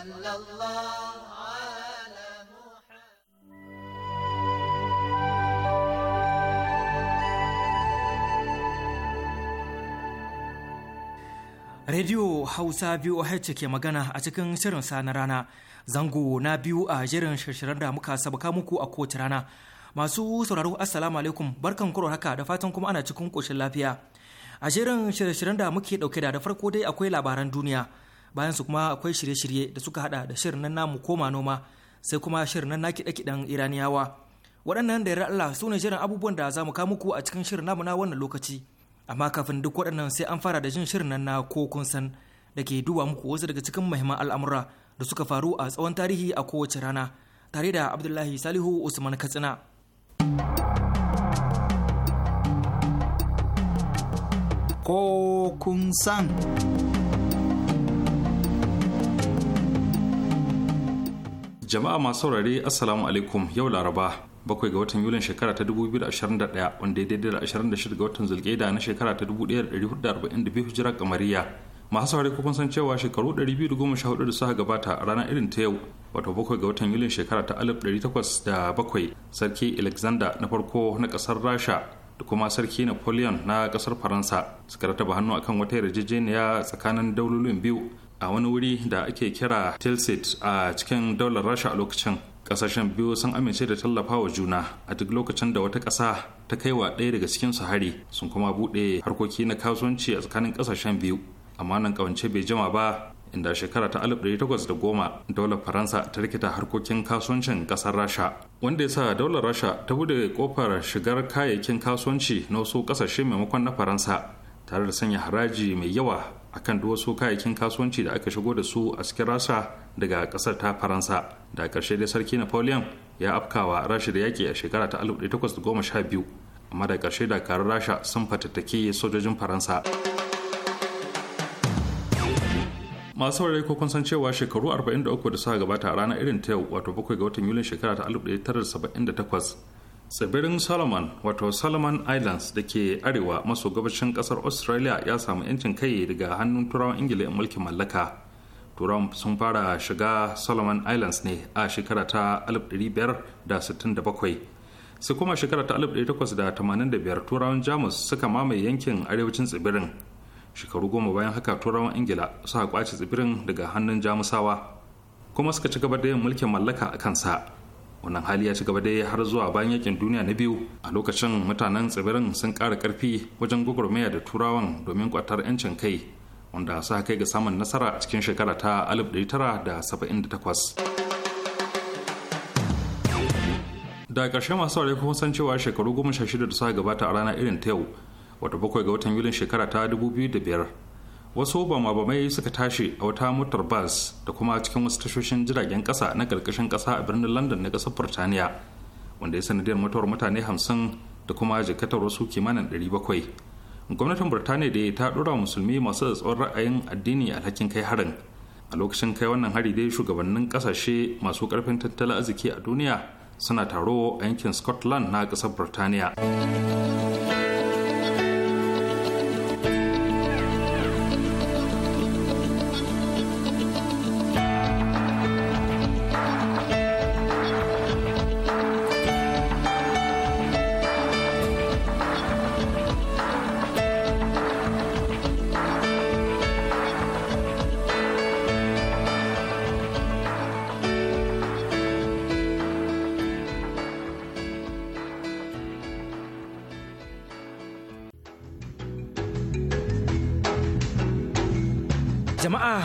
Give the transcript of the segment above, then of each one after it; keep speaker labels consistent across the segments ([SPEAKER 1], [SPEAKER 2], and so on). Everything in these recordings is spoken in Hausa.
[SPEAKER 1] صلى الله
[SPEAKER 2] biyu a Hausa VOH ke magana a cikin shirin sa na rana zango na biyu a jerin shirshirar da muka sabaka muku a kowace rana masu sauraro assalamu alaikum barkan kuro haka da fatan kuma ana cikin koshin lafiya a jerin shirye da muke dauke da da farko dai akwai labaran duniya bayan su kuma akwai shirye-shirye da suka hada da shirin nan namu koma noma sai kuma shirin nan na kiɗe-kiɗen iraniyawa waɗannan da Allah su ne shirin abubuwan da za mu kawo muku a cikin shirin namu na wannan lokaci amma kafin duk waɗannan sai an fara da jin shirin nan na ko kun san da ke duba muku wasu daga cikin muhimman al'amura da suka faru a tsawon tarihi a kowace rana tare da abdullahi salihu usman katsina
[SPEAKER 3] ko kun san
[SPEAKER 4] jama'a masu saurare assalamu alaikum yau laraba bakwai ga watan yulin shekara ta 2021 wanda ya daidai da 26 ga watan zulkaida na shekara ta 1442 hijirar kamariya masu saurare kuma san cewa shekaru 214 da suka gabata a ranar irin ta yau wato bakwai ga watan yulin shekara ta 1807 sarki alexander na farko na kasar rasha da kuma sarki napoleon na kasar faransa suka rataba hannu akan wata yarjejeniya tsakanin daulolin biyu a wani wuri da ake kira tilsit a cikin daular rasha a lokacin kasashen biyu sun amince da tallafawa juna a duk lokacin da wata ƙasa ta kai wa ɗaya daga cikin su hari sun kuma buɗe harkoki na kasuwanci a tsakanin ƙasashen biyu amma nan ƙawance bai jima ba inda shekara ta da goma daular faransa ta rikita harkokin kasuwancin ƙasar rasha wanda ya sa daular rasha ta buɗe kofar shigar kayayyakin kasuwanci na wasu ƙasashe maimakon na faransa tare da sanya haraji mai yawa akan duk wasu kayayyakin kasuwanci da aka shigo da su a cikin rasha daga kasar ta faransa da karshe dai sarki napoleon ya afkawa rasha da yaƙi a shekara ta 1812 amma da karshe dakarun rasha sun fatattake sojojin faransa masu saurari ko kun cewa shekaru 43 da suka gabata a ranar irin ta yau wato 7 ga watan yulin shekara ta 1978 tsibirin solomon wato solomon islands da ke arewa maso gabashin kasar australia ya samu 'yancin kai daga hannun turawan ingila mulkin mallaka turawan sun fara shiga solomon islands ne a shekara ta 1567 su kuma shekara ta 1885 turawan jamus suka mamaye yankin arewacin tsibirin shekaru goma bayan haka turawan ingila suka kwace tsibirin daga hannun jamusawa kuma suka ci gaba da yin mulkin mallaka a kansa wannan hali ya ci gaba dai har zuwa bayan yakin duniya na biyu a lokacin mutanen tsibirin sun kara karfi wajen gwagwarmaya da turawan domin kwatar 'yancin kai wanda sa kai ga samun nasara a cikin shekara ta 1978 da ƙarshe masu aure kuma san cewa shekaru goma sha shida da suka gabata a rana irin ta yau wata bakwai ga watan yulin shekara ta 2005 wasu babu-babai suka tashi a wata motar bas da kuma cikin wasu tashoshin jiragen kasa na karkashin kasa a birnin london na kasar burtaniya wanda ya sanadiyar mutuwar mutane hamsin da kuma jikatar wasu kimanin 700 gwamnatin burtaniya da ta dora musulmi masu tsatsuwar ra'ayin addini alhakin kai harin a lokacin kai wannan hari dai shugabannin kasashe masu karfin tattalin arziki a duniya suna taro a yankin scotland na kasar burtaniya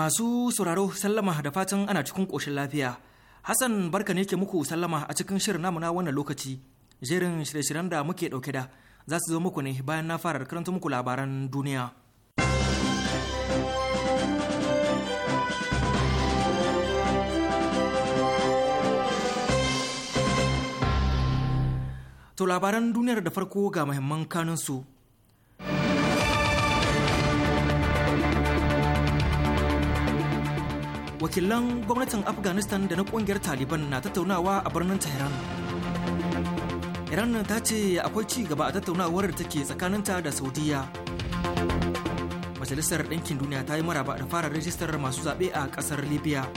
[SPEAKER 2] Masu sauraro sallama da fatan ana cikin koshin lafiya. Hassan barka ne ke muku sallama a cikin shirin namuna wannan lokaci. Jerin shirye-shiryen da muke ɗauke da za su zo muku ne bayan na fara karanta muku labaran duniya. To labaran duniyar da farko ga muhimman kanunsu. wakilan gwamnatin afghanistan da na kungiyar taliban na tattaunawa a birnin tehran iran ta ce akwai ci gaba a tattaunawar da take tsakaninta da saudiya majalisar ɗinkin duniya ta yi maraba da fara rajistar masu zaɓe a ƙasar libya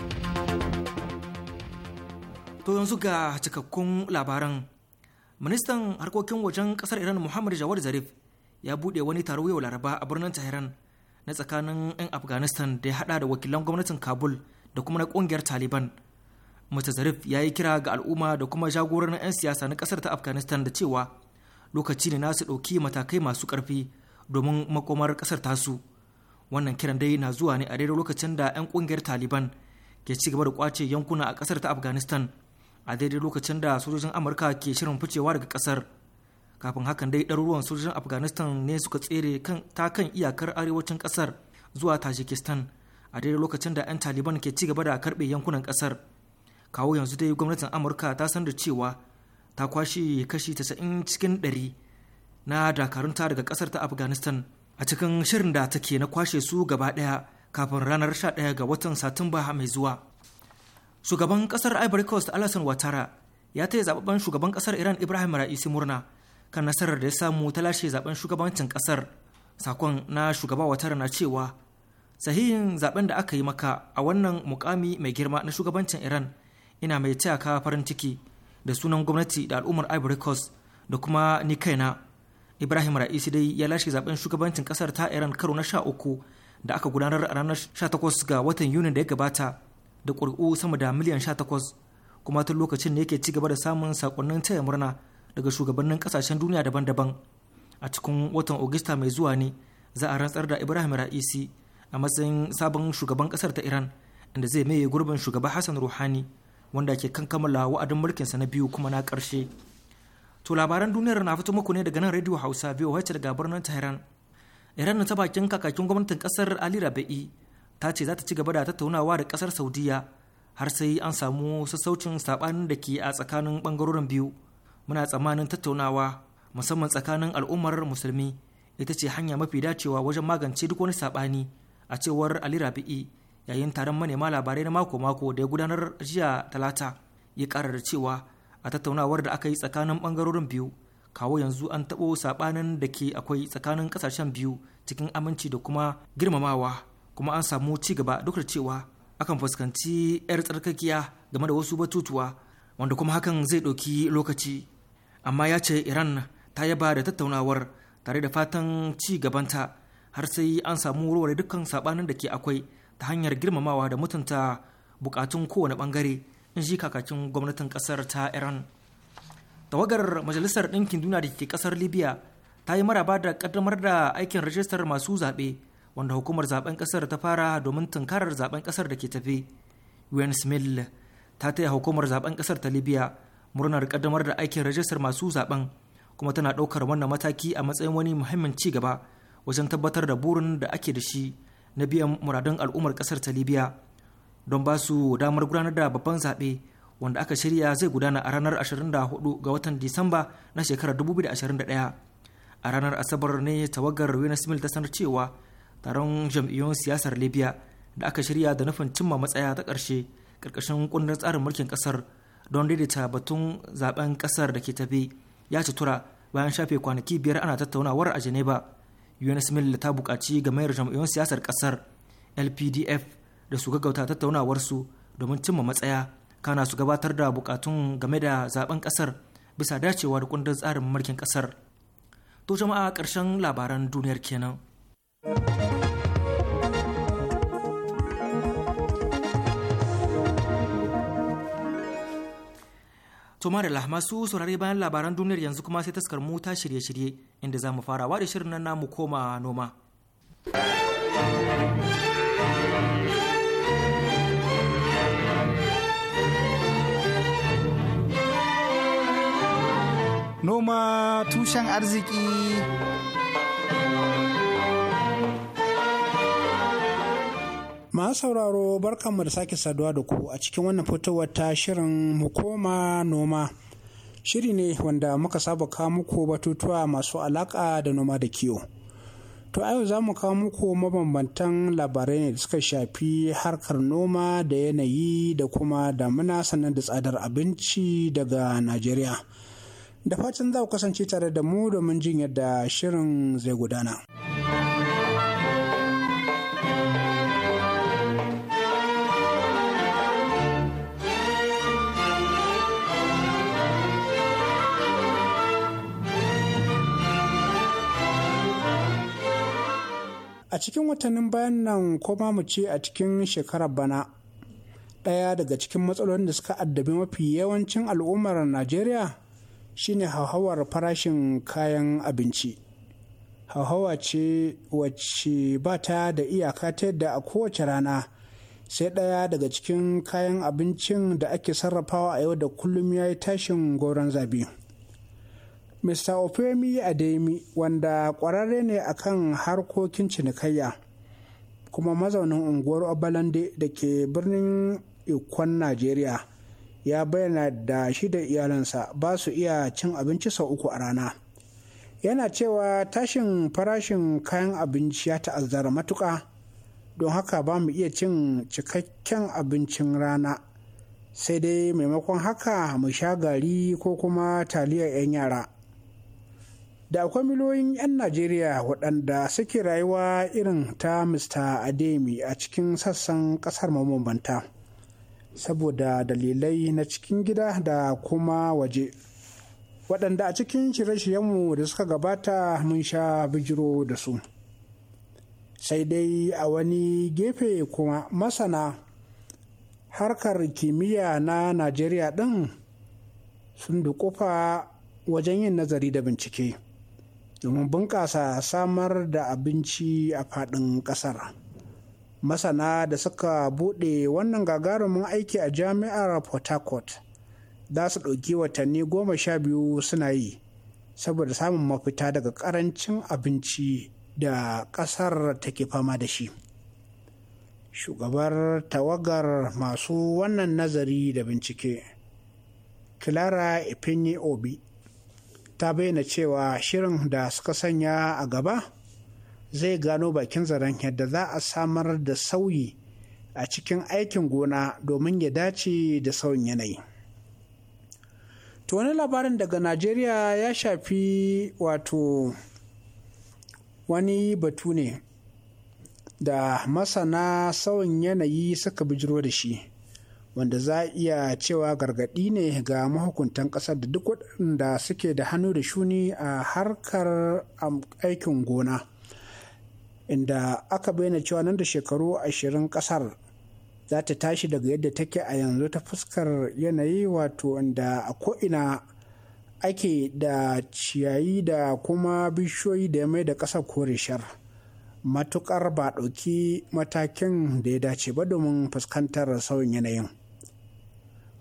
[SPEAKER 2] to yanzu ga cikakkun labaran ministan harkokin wajen ƙasar iran muhammad jawar zarif ya buɗe wani taro yau laraba a birnin tehran na tsakanin 'yan afghanistan da ya hada da wakilan gwamnatin kabul da kuma na kungiyar taliban mr zarif ya yi kira ga al'umma da kuma jagoran 'yan siyasa na kasar ta afghanistan da cewa lokaci ne nasu ɗauki matakai masu karfi domin makomar kasar tasu wannan kiran dai na zuwa ne a daidai lokacin da 'yan kungiyar taliban ke ci gaba da kwace yankuna a kasar ta afghanistan a daidai lokacin da sojojin amurka ke shirin ficewa daga kasar kafin hakan dai ɗaruruwan sojojin afghanistan ne suka tsere ta kan iyakar arewacin ƙasar zuwa tajikistan a daidai lokacin da 'yan taliban ke ci gaba da karɓe yankunan ƙasar kawo yanzu dai gwamnatin amurka ta san da cewa ta kwashe kashi 90 cikin ɗari na dakarunta daga ƙasar ta afghanistan a cikin shirin da take na kwashe su gaba ɗaya kafin ranar 11 ga watan satumba mai zuwa shugaban ƙasar ivory coast alasan watara ya taya zababben shugaban ƙasar iran ibrahim ra'isi murna kan nasarar da ya samu ta lashe zaben shugabancin kasar sakon na shugaba watara na cewa sahihin zaben da aka yi maka a wannan mukami mai girma na shugabancin iran ina mai taya ka farin ciki da sunan gwamnati da al'ummar ivory coast da kuma ni kaina ibrahim ra'isi dai ya lashe zaben shugabancin kasar ta iran karo na sha uku da aka gudanar a ranar 18 ga watan yuni da ya gabata da ƙuri'u sama da miliyan 18 kuma tun lokacin ne yake ci gaba da samun sakonnin taya murna daga shugabannin kasashen duniya daban-daban a cikin watan augusta mai zuwa ne za a rantsar da Ibrahim Ra'isi a matsayin sabon shugaban kasar ta Iran inda zai maye gurbin shugaba Hassan ruhani wanda ke kan kammala wa'adin mulkinsa na biyu kuma na karshe. To labaran duniyar na fito muku ne daga nan rediyo Hausa biyu VOH daga birnin Tehran. Iran ta bakin kakakin gwamnatin kasar Ali Rabi'i ta ce za ta ci gaba da tattaunawa da kasar Saudiya har sai an samu sassaucin sabanin da ke a tsakanin bangarorin biyu. muna tsammanin tattaunawa musamman tsakanin al'ummar musulmi ita ce hanya mafi dacewa wajen magance duk wani saɓani a cewar ali rabi'i yayin taron manema labarai na mako-mako da ya gudanar jiya talata ya ƙara da cewa a tattaunawar da aka yi tsakanin ɓangarorin biyu kawo yanzu an taɓo saɓanin da ke akwai tsakanin ƙasashen biyu cikin aminci da kuma girmamawa kuma an samu ci gaba duk da cewa akan fuskanci 'yar tsarkakiya game da wasu batutuwa wanda kuma hakan zai ɗauki lokaci amma ya ce iran ta yaba da tattaunawar tare da fatan ci gabanta har sai an samu warware dukkan sabanin da ke akwai ta hanyar girmamawa da mutunta bukatun kowane bangare in ji kakakin gwamnatin kasar ta iran tawagar majalisar ɗinkin duniya da ke kasar libya ta yi maraba da kaddamar da aikin rajistar masu zaɓe wanda hukumar zaben kasar ta fara domin tunkarar zaben kasar da ke tafi un smith ta taya hukumar zaben kasar ta libya murnar kaddamar da aikin rajistar masu zaben kuma tana ɗaukar wannan mataki a matsayin wani muhimmin ci gaba wajen tabbatar da burin da ake da shi na biyan muradun al'ummar ƙasar ta libya don ba su damar gudanar da babban zaɓe wanda aka shirya zai gudana a ranar 24 ga watan disamba na shekarar 2021 a ranar asabar ne tawagar wenesmil ta sanar cewa taron jam'iyyun siyasar libya da aka shirya da nufin cimma matsaya ta karshe ƙarƙashin kundin tsarin mulkin ƙasar don daidaita batun zaben kasar da ke tafi ya ci tura bayan shafe kwanaki biyar ana tattaunawar a geneva yunus mill ta bukaci mayar jam'iyyun siyasar kasar lpdf da su gaggauta tattaunawarsu domin cimma matsaya kana su gabatar da bukatun game da zaben kasar bisa dacewa da kundin tsarin mulkin kasar to jama'a karshen labaran duniyar kenan. da Marila su saurare bayan labaran duniyar yanzu kuma sai taskar mu ta shirye-shirye inda za mu farawa da shirin nan namu koma noma.
[SPEAKER 5] Noma tushen arziki Masu sauraro barkanmu da sake saduwa da ku a cikin wannan fitowar ta shirin koma noma. Shiri ne wanda muka saba kawo muku batutuwa masu alaka da noma da kiwo. To a yau za mu kawo muku mabambantan labarai ne da suka shafi harkar noma da yanayi da kuma damuna sannan da tsadar abinci daga Najeriya. Da fatan za ku kasance tare da mu domin jin yadda shirin zai gudana. a cikin watannin bayan nan ko mu ce a cikin shekarar bana ɗaya daga cikin matsalolin da suka addabi mafi yawancin al'ummar najeriya shine hauhawar farashin kayan abinci hauhawa ce wacce ba ta da iyaka ta yadda a kowace rana sai ɗaya daga cikin kayan abincin da ake sarrafawa a yau da kullum ya yi tashin goron zabi. mr ofemi ademi wanda kwararre ne akan harkokin cinikayya kuma mazaunin unguwar obalande da ke birnin ikon najeriya ya bayyana da shi da iyalansa ba su iya cin abinci sau uku a rana yana cewa tashin farashin kayan abinci ya ta'azzara matuƙa don haka ba mu iya cin cikakken abincin rana sai dai maimakon haka mu sha gari ko kuma taliyar 'yan yara da akwai miliyoyin 'yan najeriya waɗanda suke rayuwa irin ta mr ademi a cikin sassan ƙasar mabambanta saboda dalilai na cikin gida da kuma waje waɗanda a cikin shirye-shiryenmu da suka gabata mun sha bijiro da su sai dai a wani gefe kuma masana harkar kimiyya na najeriya ɗin sun dukufa wajen yin nazari da bincike domin bunƙasa samar da abinci a faɗin ƙasar masana da suka buɗe wannan gagarumin aiki a jami'ar port harcourt za su ɗauki watanni goma sha biyu suna yi saboda samun mafita daga ƙarancin abinci da ƙasar take fama da shi shugabar tawagar masu wannan nazari da bincike clara epinye obi ta bayyana cewa shirin da suka sanya a gaba zai gano bakin zaren yadda za a samar da sauyi a cikin aikin gona domin ya dace da sauyin yanayi. To wani labarin daga Najeriya ya shafi wato wani batu ne da masana sauyin yanayi suka bijiro da shi. wanda za a iya cewa gargaɗi ne ga mahukuntan ƙasar da duk waɗanda suke da hannu da shuni a harkar aikin gona inda aka bayyana cewa nan da shekaru ashirin ƙasar za ta tashi daga yadda take a yanzu ta fuskar yanayi wato inda a ko'ina ake da ciyayi da kuma bishiyoyi da ya mai da ƙasar kore shar. matuƙar ba ɗauki matakin da ya dace ba domin fuskantar sauyin yanayin.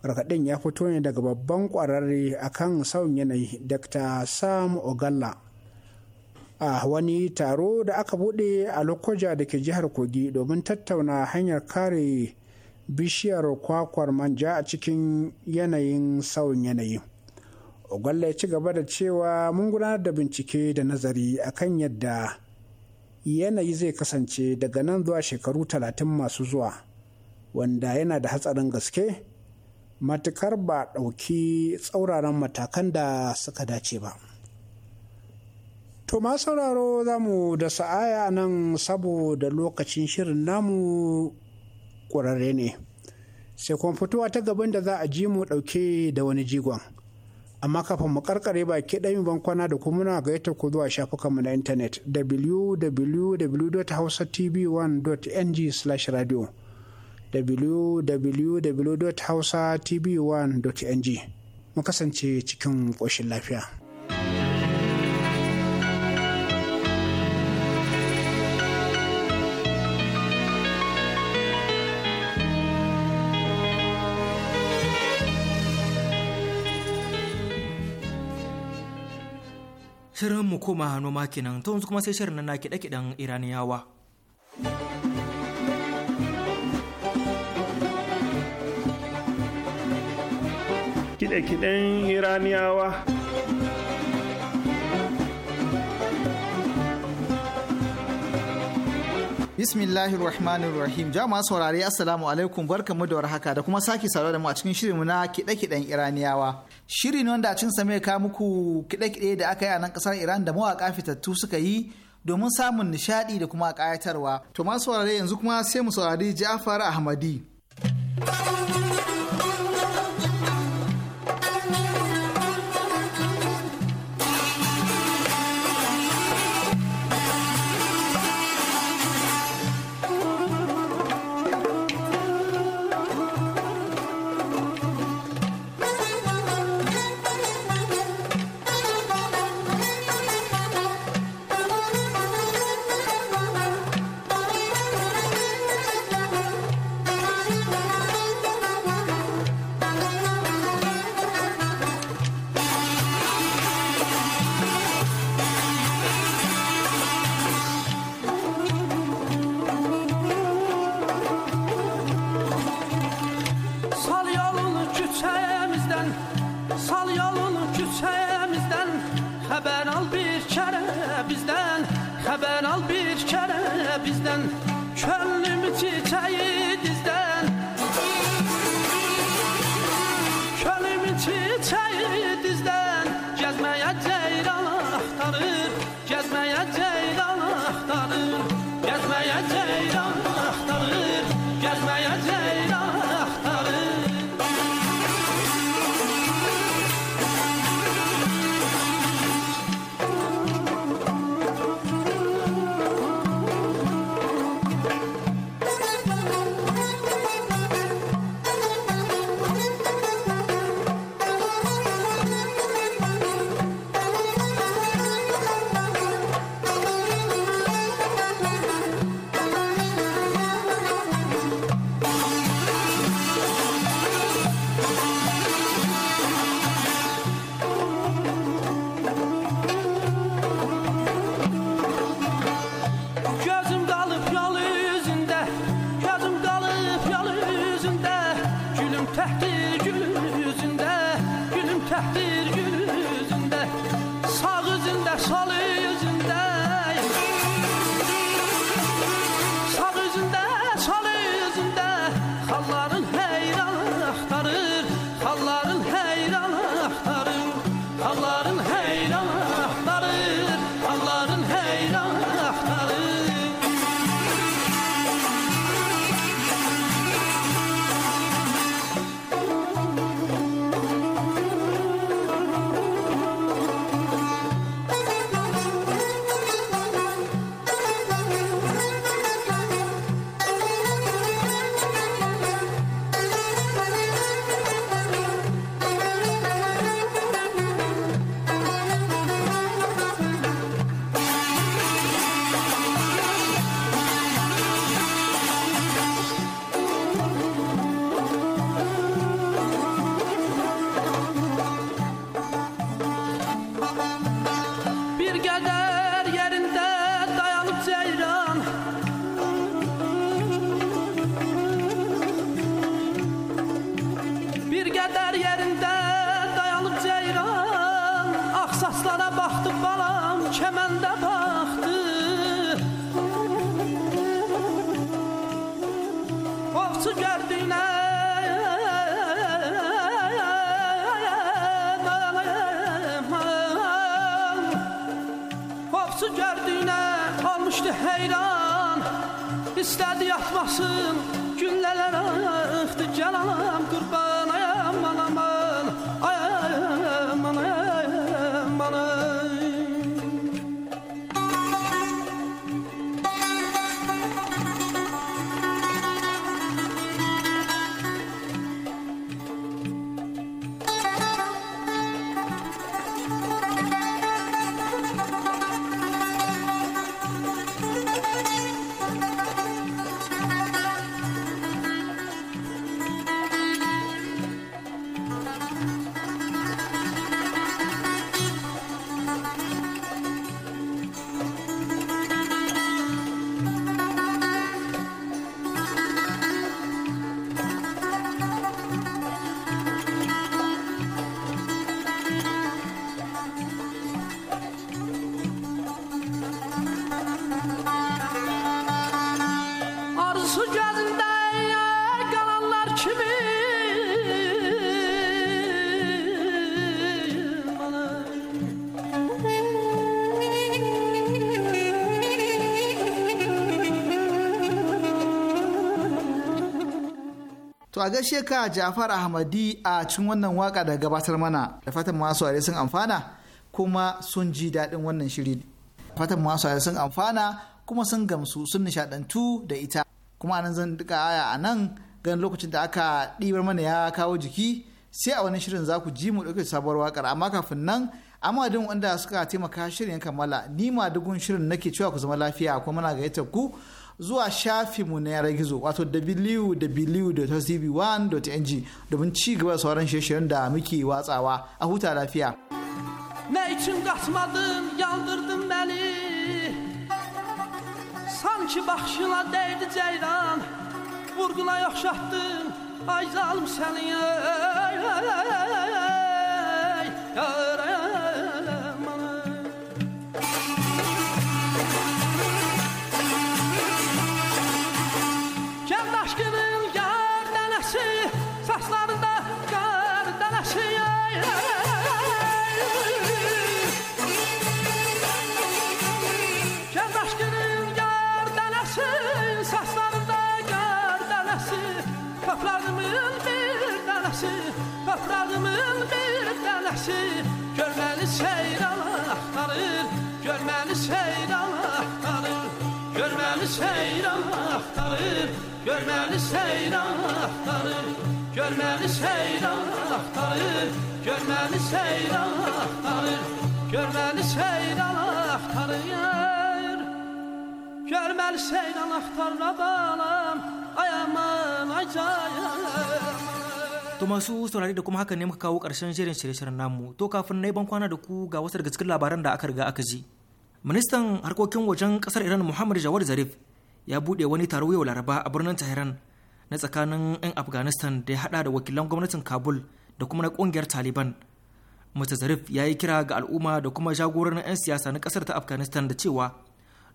[SPEAKER 5] Rakaɗin ya fito ne daga babban ƙwararre akan sauyin yanayi Dr. Sam Ogalla. A wani taro da aka buɗe a Lokoja da ke jihar Kogi domin tattauna hanyar kare bishiyar kwakwar manja a cikin yanayin sauyin yanayi. Ogalla ya ci gaba da cewa mun gudanar da bincike da nazari akan yadda yanayi zai kasance daga nan zuwa shekaru talatin masu zuwa wanda yana da hatsarin gaske matukar ba ɗauki tsauraran matakan da suka dace ba. To sauraro za mu da sa'aya nan saboda lokacin shirin namu ƙurare ne. Sai kuma fitowa ta gaban da za a ji mu ɗauke da wani jigon. amma kafin mu karkare baki ɗayin bankwana da kuma muna gaita ku zuwa shafukanmu na intanet www.hausatv1.ng/radio www.hausatv1.ng mu kasance cikin ƙoshin lafiya.
[SPEAKER 2] Shirin mu koma noma kenan ta wanzu kuma sai shirin na kiɗe-kiɗen Iraniyawa.
[SPEAKER 4] kide-kiden iraniyawa
[SPEAKER 3] bismillahir rahmanir rahim jama'a saurari assalamu alaikum barkamu da warhaka da kuma sake saurare da mu a cikin shirinmu na kiɗe-kiɗen iraniyawa shiri ne wanda a cikin sa mai ka muku kiɗe-kiɗe da aka yi a nan ƙasar iran da mawaka fitattu suka yi domin samun nishadi da kuma kayatarwa to masu saurare yanzu kuma sai mu saurari ja'far ahmadi
[SPEAKER 6] düşdü heyran İstədi yatmasın Güllələr axdı gəl anam qurban
[SPEAKER 3] To a gaishe ka Jafar Ahmadi a cikin wannan waka da gabatar mana da fatan masu aure sun amfana kuma sun ji daɗin wannan shiri. Fatan masu aure sun amfana kuma sun gamsu sun nishaɗantu da ita. Kuma anan zan duka aya a nan gan lokacin da aka ɗibar mana ya kawo jiki sai a wani shirin za ku ji mu ɗauke sabuwar wakar amma kafin nan amma wanda suka taimaka shirin kammala ni ma dugun shirin nake cewa ku zama lafiya kuma muna gayyatar ku zuwa shafinmu na yanar gizo wato www.tv1.ng domin ci gaba sauran shirye-shiryen da muke watsawa a huta lafiya.
[SPEAKER 6] Ne için kaçmadın yandırdın beni Sanki bakışına değdi ceyran Vurguna yokşattın ay zalim seni Ey, ey, ey, ey, ey, ey, ey. vəhşi Görməli seyran Görmeli Görməli seyran axtarır Görməli seyran Görmeli Görməli seyran axtarır Görməli seyran Görmeli Görməli seyran axtarır Görməli seyran Görmeli Görməli seyran
[SPEAKER 2] To masu saurari da kuma haka ne muka kawo ƙarshen shirin shirye-shiryen namu. To kafin na yi ban kwana da ku ga wasu daga cikin labaran da aka riga aka ji. Ministan harkokin wajen ƙasar Iran Muhammad Jawad Zarif ya buɗe wani taro yau Laraba a birnin Tehran na tsakanin 'yan Afghanistan da ya haɗa da wakilan gwamnatin Kabul da kuma na ƙungiyar Taliban. Mr. Zarif ya yi kira ga al'umma da kuma jagoran 'yan siyasa na kasar ta Afghanistan da cewa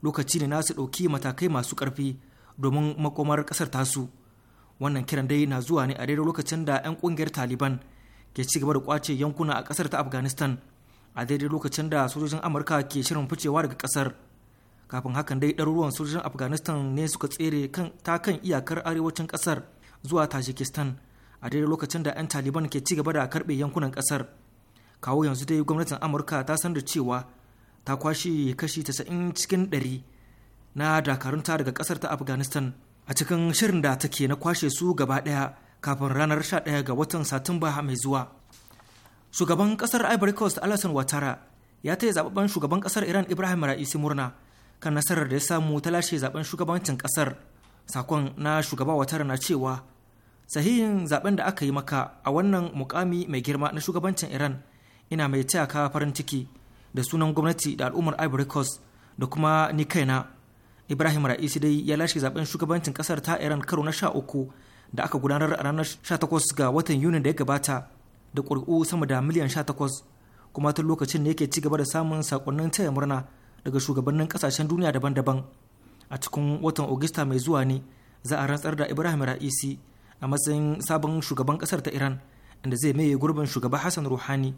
[SPEAKER 2] lokaci ne nasu ɗauki matakai masu karfi domin makomar kasar tasu. wannan kiran dai na zuwa ne a daidai lokacin da 'yan kungiyar taliban ke ci gaba da kwace yankuna a kasar ta afghanistan a daidai lokacin da sojojin amurka ke shirin ficewa daga kasar kafin hakan dai ɗaruruwan sojojin afghanistan ne suka tsere ta kan iyakar arewacin kasar zuwa tajikistan a daidai lokacin da 'yan taliban ke ci gaba da karbe yankunan kasar kawo yanzu dai gwamnatin amurka ta san da cewa ta kwashe kashi 90 cikin 100 na dakarunta daga kasar ta afghanistan a cikin shirin da take na kwashe su gaba ɗaya kafin ranar 11 ga watan satumba mai zuwa shugaban kasar ivory coast alasan watara ya taya zababben shugaban kasar iran ibrahim ra'isi murna kan nasarar da ya samu ta lashe zaben shugabancin kasar sakon na shugaba watara na cewa sahihin zaben da aka yi maka a wannan mukami mai girma na shugabancin iran ina mai taya ka farin ciki da sunan gwamnati da al'ummar ivory coast da kuma ni kaina ibrahim ra'isi dai ya lashe zaben shugabancin kasar ta iran karo na sha uku da aka gudanar a ranar 18 ga watan yunin da ya gabata da ƙuri'u sama da miliyan 18 kuma tun lokacin ne yake ci gaba da samun sakonnin taya murna daga shugabannin kasashen duniya daban-daban a cikin watan Ogista mai zuwa ne za a rantsar da ibrahim ra'isi a matsayin sabon shugaban kasar ta iran inda zai maye gurbin shugaba hassan ruhani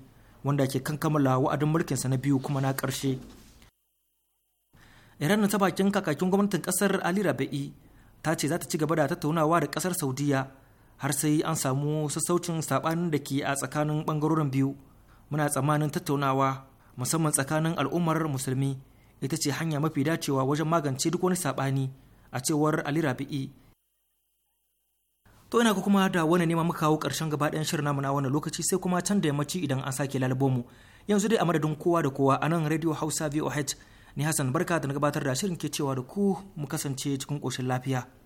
[SPEAKER 2] wanda ke kan kammala wa'adin mulkinsa na biyu kuma na ƙarshe iran ta bakin kakakin gwamnatin kasar ali rabi'i ta ce za ta ci gaba da tattaunawa da kasar saudiya har sai an samu sassaucin sabanin da ke a tsakanin bangarorin biyu muna tsammanin tattaunawa musamman tsakanin al'ummar musulmi ita ce hanya mafi dacewa wajen magance duk wani saɓani a cewar ali rabi'i to ina ga kuma da wani nema muka kawo karshen gaba ɗayan shirin namu na wannan lokaci sai kuma can da yammaci idan an sake lalubo mu yanzu dai a madadin kowa da kowa a nan radio hausa voh ni hassan barka da na gabatar da shirin ke cewa da ku mu kasance cikin ƙoshin lafiya